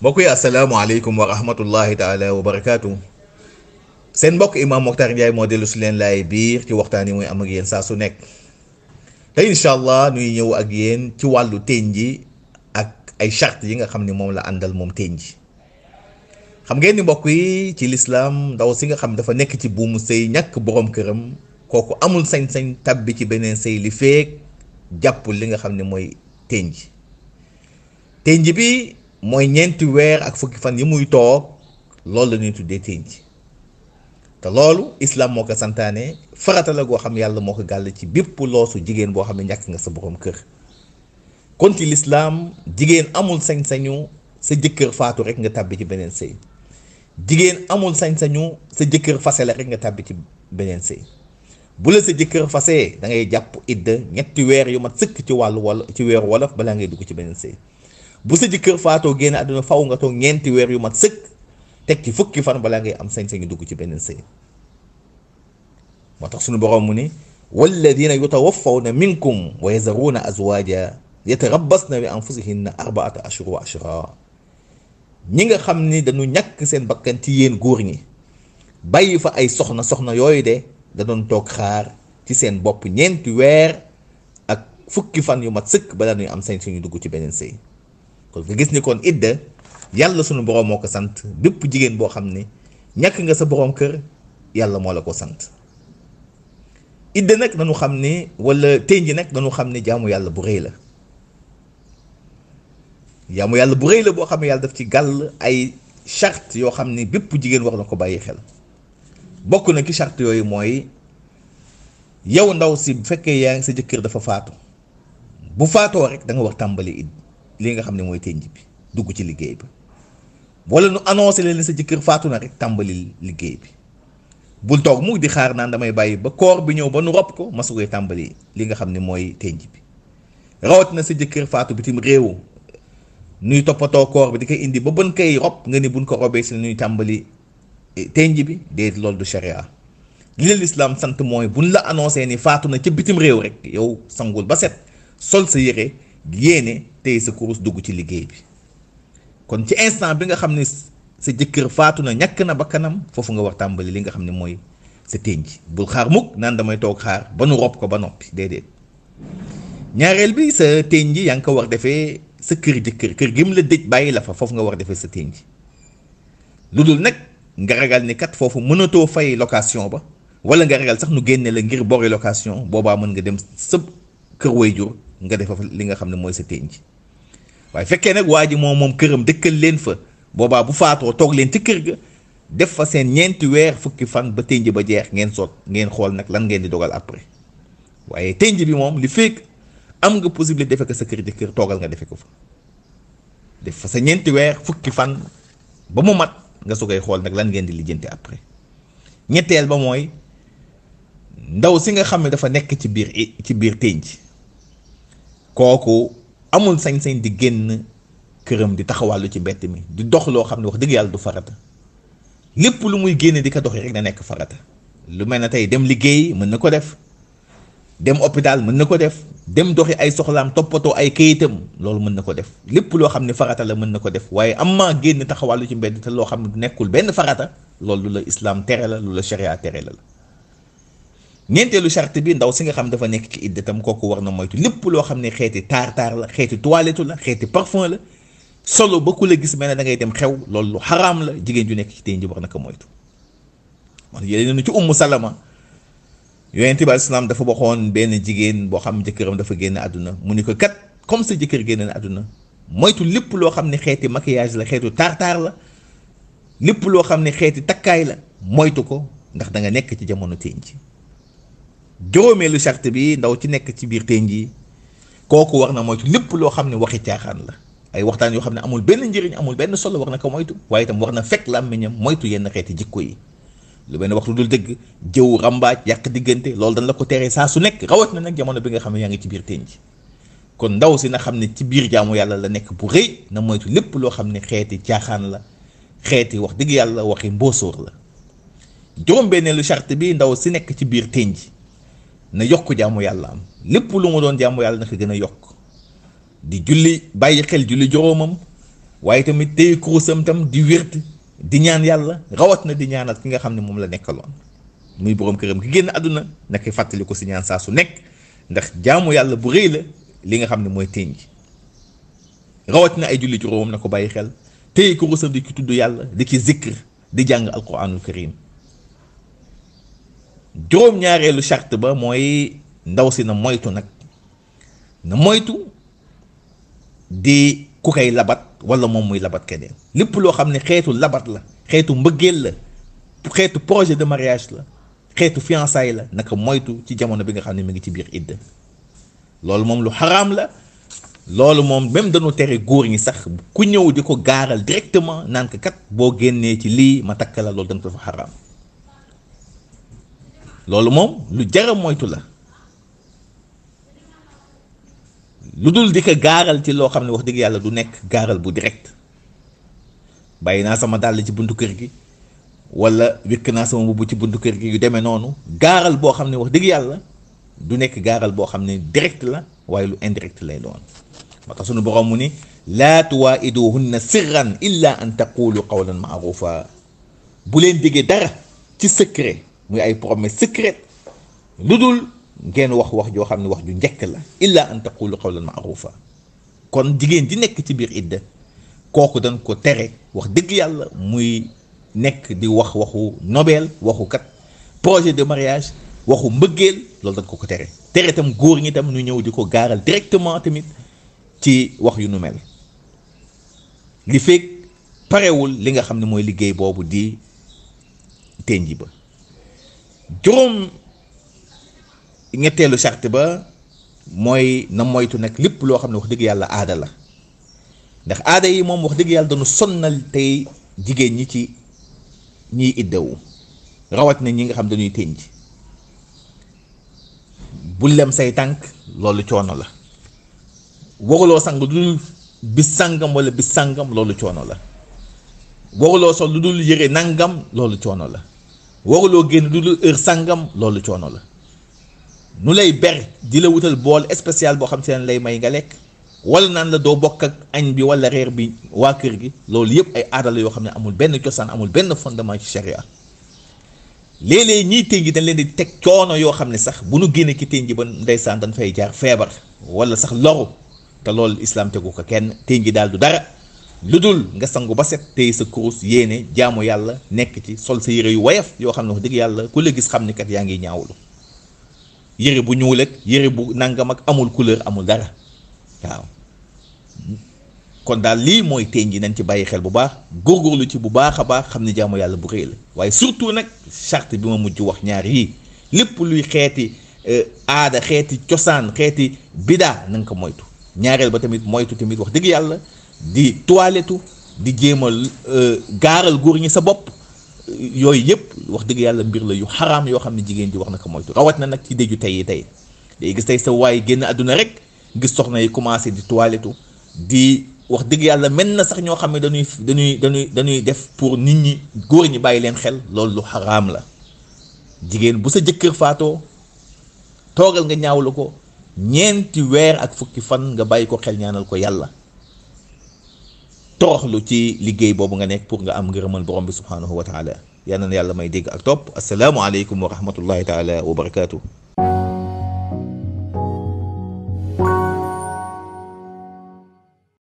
mbokk yi asalaamaaleykum wa rahmatullahi taala wa barakaatu seen mbokk Imam Moctar Ndiaye moo dellu si leen laay biir ci waxtaan yi muy am ak yéen saa su nekk te incha allah nuy ñëw ak yéen ci wàllu tenji ak ay charte yi nga xam ni moom la àndal moom tenji xam ngeen ni mbokk yi ci lislaam ndaw si nga xam dafa nekk ci buumu sëy ñàkk boroom këram kooku amul sañ-sañ tàbbi ci beneen sëy li feek jàppul li nga xam ne mooy tenji ji bi mooy ñeenti weer ak fukki fan yi muy toog loolu lañuy tuddee tuddee tënj te loolu islaam moo ko santaane farata la goo xam yàlla moo ko gàll ci bépp loosu jigéen boo xam ne ñàkk nga sa borom kër kon ci lislaam jigéen amul sañ-sañu sa jëkkër faatu rek nga tàbbi ci beneen sëy jigéen amul sañ-sañu sa jëkkër fase la rek nga tàbbi ci beneen sëy bu la sa jëkkër fasee da ngay jàpp idda ñetti weer yu mat sëkk ci wàll wala ci weeru wolof balaa ngay dugg ci beneen sëy bu sa jëkkër faatoo génn àdduna faw nga toog ñeenti weer yu mat sëkk teg ci fukki fan balaa ngay am sañ-sañu dugg ci beneen sëy moo tax suñu borom mu ne walladina yutawaffawna minkum wa yazaruna azwaja yatarabbasna bi anfusihinna arbaata ashhur wa ashra ñi nga xam ni dañu ñàkk seen bakkan yéen góor ñi bàyyi fa ay soxna soxna yooyu de da toog xaar ci seen bopp ñeenti weer ak fukki fan yu mat sëkk balaa ñuy am sañ-sañu dugg ci beneen sëy kon nga gis ni kon idda yàlla sunu borom ko sant bépp jigéen boo xam ne ñàkk nga sa boroom kër yàlla moo la ko sant idda nag nañu xam ne wala tey ji nag nañu xam ne jaamu yàlla bu rëy la jaamu yàlla bu rëy la boo xam ne yàlla daf ci gàll ay charte yoo xam ne bépp jigéen wax na ko bàyyi xel bokk na ki charte yooyu mooy yow ndaw si bu fekkee yaa ngi sa jëkkër dafa faatu bu faatoo rek danga nga wax tàmbali idd li nga xam ne mooy tënj bi dugg ci liggéey bi wala nu annoncé leen sa jëkkër faatu na rek tàmbali liggéey bi bul toog mu di xaar naan damay bàyyi ba koor bi ñëw ba nu rob ko ma su tàmbali li nga xam ne mooy tënj bi rawatina sa jëkkër faatu bitim réew nuy toppatoo koor bi di koy indi ba bën koy rob nga ni buñ ko robee si nuy tàmbali eh, tënj bi déedéet loolu du sharia li leen lislaam sant mooy buñ la annoncé ni faatu na ci bitim réew rek yow sangul ba set sol sa yére yéene tey sa kurus dugg ci liggéey bi kon ci instant bi nga xam ne sa jëkkër faatu na ñàkk na kanam foofu nga war tàmbali li nga xam ne mooy sa tënj bul xaar mukk naan damay toog xaar ba nu rob ko ba noppi déedéet ñaareel bi sa tënj yaa ngi ko war defee sa kër jëkkër kër gi mu la dëj bàyyi la fa foofu nga war defee sa tënj lu dul nag nga ragal ni kat foofu mënatoo fay location ba wala nga ragal sax nu génnee la ngir bori location boobaa nga dem sa kër nga def fa li nga xam ne mooy sa tenc waaye fekkee nag waa ji moom moom këram dëkkal leen fa boobaa bu faatoo toog leen ci kër ga def fa seen ñeenti weer fukki fan ba tenj ba jeex ngeen soot ngeen xool nag lan ngeen di dogal après waaye tenj bi moom li fekk am nga possibilité defe ko sa kër jëkkër toogal nga defe ko fa def fa sa ñeenti weer fukki fan ba mu mat nga su koy xool nag lan ngeen di lijjanti après ñetteel ba mooy ndaw si nga xam ne dafa nekk ci biir i ci biir tenj kooku amul sañ-sañ di génn këram di taxawallu ci mbett mi di dox loo xam ne wax dëgg yàlla du farata lépp lu muy génne di ko doxee rek na nekk farata lu mel ne tey dem liggéey mën na ko def dem hôpital mën na ko def dem doxi ay soxlaam toppatoo ay kayitam loolu mën na ko def lépp loo xam ne farata la mën na ko def waaye am maa génn taxawàllu ci mbedd te loo xam ne nekkul benn farata loolu la islaam tere la lu la sharia tere la la ñeenteelu charte bi ndaw si nga xam dafa nekk ci iddatam kooku war na moytu lépp loo xam ne xeeti taar taar la xeeti toilette la xeeti parfum la solo ba ku la ne da dem xew loolu lu la jigéen ju nekk ci tey ji war na ko moytu man yéen ci ummu salama yonent dafa waxoon benn jigéen boo xam jëkkëram dafa génn àdduna mu ni ko kat comme sa jëkkër génn na àdduna moytu lépp loo xam ne xeeti maquillage la xeetu taar-taar la lépp loo xam ne xeeti takkaay la moytu ko ndax danga nekk ci jamono tey ji juróomeelu charte bi ndaw ci nekk ci biir tënj yi kooku war na moytu lépp loo xam ne waxi caaxaan la ay waxtaan yoo xam ne amul benn njëriñ amul benn solo war na ko moytu waaye tam war na fekk làmmiñam moytu yenn xeeti jikko yi lu benn waxtu dul dëgg jëw ràmbaaj yàq diggante loolu dañ la ko teree saa su nekk rawat na nag jamono bi nga xam ne yaa ngi ci biir tënj kon ndaw si na xam ne ci biir jaamu yàlla la nekk bu rëy na moytu lépp loo xam ne xeeti caaxaan la xeeti wax dëgg yàlla waxi mbóosóor la juróom-benneelu bi ndaw si nekk ci biir tënj na yokk jaamu yàlla am lépp lu mu doon jaamu yàlla na ko gën a yokk di julli bàyyi xel julli juróomam waaye tamit tey kurusam tam di wért di ñaan yàlla rawat na di ñaanal ki nga xam ne moom la nekkaloon muy borom këram ki génn àdduna naka fàttali ko si ñaan saa su nekk ndax jaamu yàlla bu rëy la li nga xam ne mooy teñ ji rawat na ay julli juróomam na ko bàyyi xel tey kurusam di ki tudd yàlla di ki zikr di jàng al alquranul karim juróom-ñaareelu charte ba mooy ndaw si na moytu nag na moytu di ku koy labat wala moom muy labat keneen lépp loo xam ne xeetu labat la xeetu mbëggeel la xeetu projet de mariage la xeetu fiançailles la naka moytu ci jamono bi nga xam ne mu ngi ci biir idda loolu moom lu xaraam la loolu moom même danu tere góor ñi sax ku ñëw di ko gaaral directement naan ko kat boo génnee ci lii ma takk la loolu dañ ko dafa xaraam loolu moom lu jara moytu la lu dul di ko gaaral ci loo xam ne wax dëgg yàlla du nekk gaaral bu direct bàyyi naa sama dàll ci buntu kër gi wala wékk naa sama mbubb ci buntu kër gi yu demee noonu gaaral boo xam ne wax dëgg yàlla du nekk gaaral boo xam ne direct la waaye lu indirect lay doon moo tax sunu borom mu ni laa tuwaa'iduhunna sirran illa an taqulu qawlan ma'rufa bu leen diggee dara ci secret muy ay promesse secrète lu dul ngeen wax wax joo xam ne wax ju njëkk la illa an taqulu qawlan maarufa kon jigéen di nekk ci biir idda kooku dañ ko tere wax dëgg yàlla muy nekk di wax waxu nobel waxu kat projet de mariage waxu mbëggeel loolu dañ ko ko tere tere tam góor ñi tam nu ñëw di ko gaaral directement tamit ci wax yu nu mel li fekk parewul li nga xam ne mooy liggéey boobu di tenji ba juróom ñetteelu charte ba mooy na moytu nag lépp loo xam ne wax dëgg yàlla aada la ndax aada yi moom wax dëgg yàlla dañu sonnal tey jigéen ñi ci ñiy iddawu rawat na ñi nga xam dañuy tënj bu lem say tànk loolu coono la waruloo sang lu dul bis sàngam wala bis sàngam loolu coono la waruloo sol lu dul yëre nangam loolu coono la waruloo génn du dul heure sàngam loolu coono la nu lay ber di la wutal bool spécial boo xam te ne lay may nga lekk wala naan la doo bokk ak añ bi wala reer bi waa kër gi loolu yëpp ay aada yoo xam ne amul benn cosaan amul benn fondement ci sharia léeg-léeg ñiy ténji dañ leen di teg coono yoo xam ne sax bu nu génne ki ténji ba ndeysaan dañ fay jaar feebar wala sax loru te loolu islam tegu ko kenn ténji daal du dara. lu dul nga sangu ba set tey sa kurus yéene jaamu yàlla nekk ci sol sa yére yu woyof yoo xam ne wax dëgg yàlla ku la gis xam ni kat yaa ngi ñaawlu yére bu ñuul yére bu nanga mag amul couleur amul dara waaw kon daal lii mooy teeñ ji nañ ci bàyyi xel bu baax góorgóorlu ci bu baax a baax xam ni jaamu yàlla bu rëy la waaye surtout nag charte bi ma mujj wax ñaar yii lépp luy xeeti euh, aada xeeti cosaan xeeti bidaa na ko moytu ñaareel ba tamit moytu tamit wax dëgg yàlla. di toilettu di jéem a euh, gaaral góor ñi sa bopp yooyu yëpp wax dëgg yàlla mbir la yu xaraam yoo xam ne jigéen ji wax na ko moytu rawat na nag ci déju tey yi tey day gis tey sa waay génn àdduna rek gis soxna yi commencé di toilettu di wax dëgg yàlla mel na sax ñoo xam ne dañuy dañuy dañuy dañuy def pour nit ñi góor ñi bàyyi leen xel loolu lu xaraam la jigéen bu sa jëkkër faatoo toogal nga ñaaw la ko ñeenti weer ak fukki fan nga bàyyi ko xel ñaanal ko yàlla toroxlu ci liggéey boobu nga nekk pour nga am ngërëmal borom bi subhaanahu wa taala yal na yàlla may dégg ak topp asalaamualeykum wa rahmatullahi taala wa barakaatu.